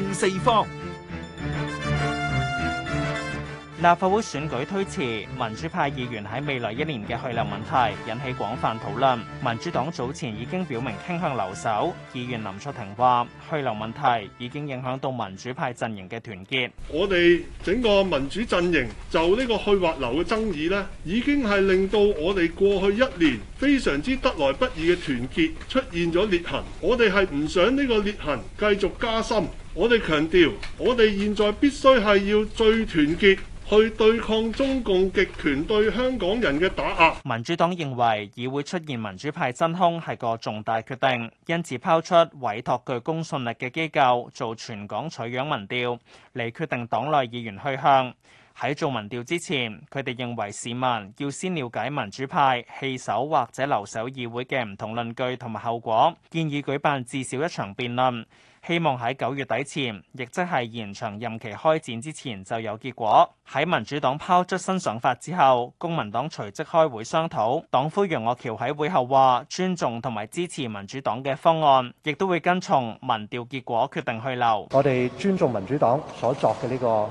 政四方。立法會選舉推遲，民主派議員喺未來一年嘅去留問題引起廣泛討論。民主黨早前已經表明傾向留守。議員林卓廷話：去留問題已經影響到民主派陣營嘅團結。我哋整個民主陣營就呢個去或留嘅爭議呢，已經係令到我哋過去一年非常之得來不易嘅團結出現咗裂痕。我哋係唔想呢個裂痕繼續加深。我哋強調，我哋現在必須係要最團結。去對抗中共極權對香港人嘅打壓，民主黨認為議會出現民主派真空係個重大決定，因此拋出委託具公信力嘅機構做全港取樣民調，嚟決定黨內議員去向。喺做民調之前，佢哋認為市民要先了解民主派棄守或者留守議會嘅唔同論據同埋後果，建議舉辦至少一場辯論，希望喺九月底前，亦即係延長任期開展之前就有結果。喺民主黨拋出新想法之後，公民黨隨即開會商討。黨魁楊岳橋喺會後話：尊重同埋支持民主黨嘅方案，亦都會跟從民調結果決定去留。我哋尊重民主黨所作嘅呢個。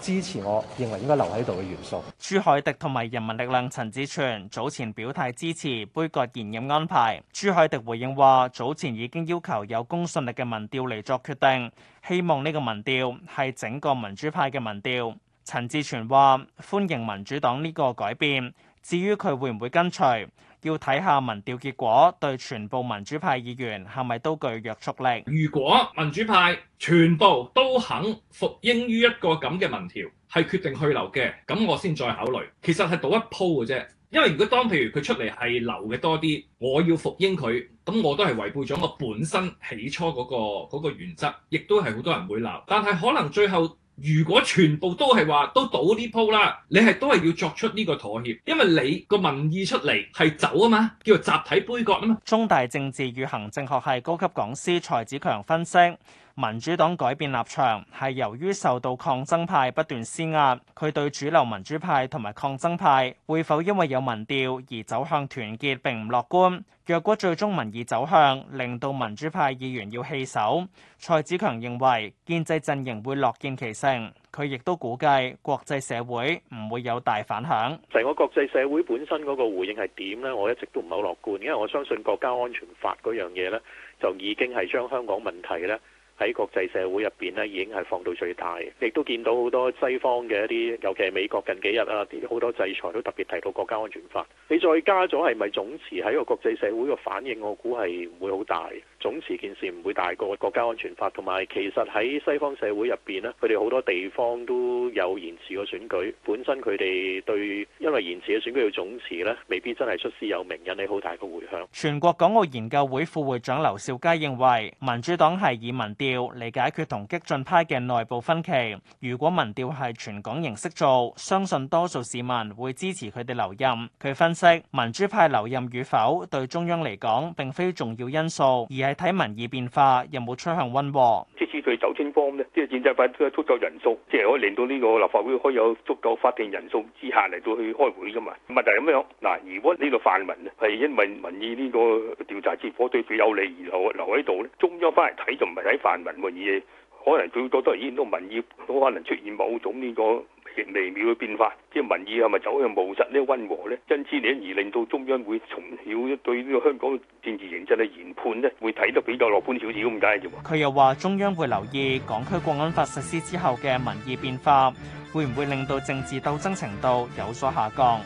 支持我認為應該留喺度嘅元素。朱凱迪同埋人民力量陳志全早前表態支持杯葛延任安排。朱凱迪回應話：早前已經要求有公信力嘅民調嚟作決定，希望呢個民調係整個民主派嘅民調。陳志全話歡迎民主黨呢個改變，至於佢會唔會跟隨？要睇下民調結果對全部民主派議員係咪都具約束力？如果民主派全部都肯服膺於一個咁嘅民調，係決定去留嘅，咁我先再考慮。其實係賭一鋪嘅啫，因為如果當譬如佢出嚟係留嘅多啲，我要服膺佢，咁我都係違背咗我本身起初嗰個嗰個原則，亦都係好多人會鬧。但係可能最後。如果全部都係話都倒呢鋪啦，你係都係要作出呢個妥協，因為你個民意出嚟係走啊嘛，叫做集體杯葛啊嘛。中大政治與行政學系高級講師蔡子強分析。民主黨改變立場係由於受到抗爭派不斷施壓，佢對主流民主派同埋抗爭派會否因為有民調而走向團結，並唔樂觀。若果最終民意走向令到民主派議員要棄守，蔡子強認為建制陣營會樂見其成。佢亦都估計國際社會唔會有大反響。成個國際社會本身嗰個回應係點呢？我一直都唔係好樂觀，因為我相信國家安全法嗰樣嘢呢，就已經係將香港問題呢。喺國際社會入邊呢，已經係放到最大，亦都見到好多西方嘅一啲，尤其係美國近幾日啊，啲好多制裁都特別提到國家安全法。你再加咗係咪總辭，喺個國際社會嘅反應，我估係唔會好大。總辭件事唔會大過國家安全法，同埋其實喺西方社會入邊呢，佢哋好多地方都有延遲個選舉，本身佢哋對因為延遲嘅選舉要總辭呢，未必真係出師有名，引起好大嘅回響。全國港澳研究會副會長劉兆佳認為，民主黨係以民調嚟解決同激進派嘅內部分歧。如果民調係全港形式做，相信多數市民會支持佢哋留任。佢分析，民主派留任與否對中央嚟講，並非重要因素，而係睇民意變化有冇趨向温和。去走清光呢，即係建制派都足夠人數，即係可以令到呢個立法會可以有足夠法定人數之下嚟到去開會噶嘛。咁啊就係咁樣嗱，如果呢個泛民呢，係因為民意呢個調查結果對佢有利而留留喺度呢，中央翻嚟睇就唔係睇泛民喎，而可能佢覺得已經都民意都可能出現某種呢個。 極微妙嘅變化，即係民意係咪走向務實呢個溫和呢？因之嚟而令到中央會從小對呢個香港政治形勢嘅研判呢，會睇得比較樂觀少少咁解啫。佢又話中央會留意港區國安法實施之後嘅民意變化，會唔會令到政治鬥爭程度有所下降？